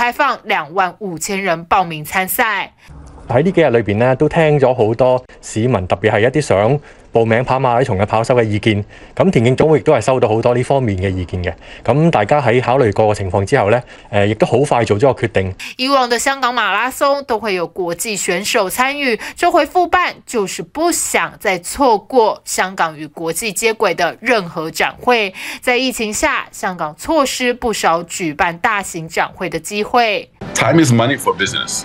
開放兩萬五千人報名參賽。喺呢幾日裏邊都聽咗好多市民，特別係一啲想報名跑馬拉松嘅跑手嘅意見，咁田徑總會亦都係收到好多呢方面嘅意見嘅。咁大家喺考慮過個情況之後呢，誒亦都好快做咗個決定。以往嘅香港馬拉松都會有國際選手參與，周回復辦就是不想再錯過香港與國際接軌的任何展會。在疫情下，香港錯失不少舉辦大型展會嘅機會。Time is money for business.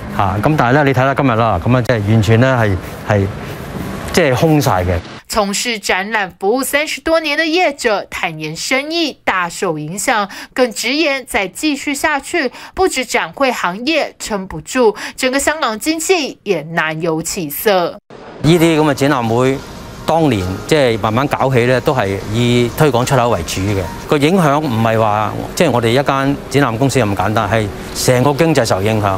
啊！咁但係咧，你睇啦今日啦，咁啊即係完全咧係係即係空晒嘅。從事展覽服務三十多年的業者坦言，生意大受影響，更直言再繼續下去，不止展會行業撐不住，整個香港經濟也難有起色。呢啲咁嘅展覽會，當年即係、就是、慢慢搞起咧，都係以推廣出口為主嘅。個影響唔係話即係我哋一間展覽公司咁簡單，係成個經濟受影響。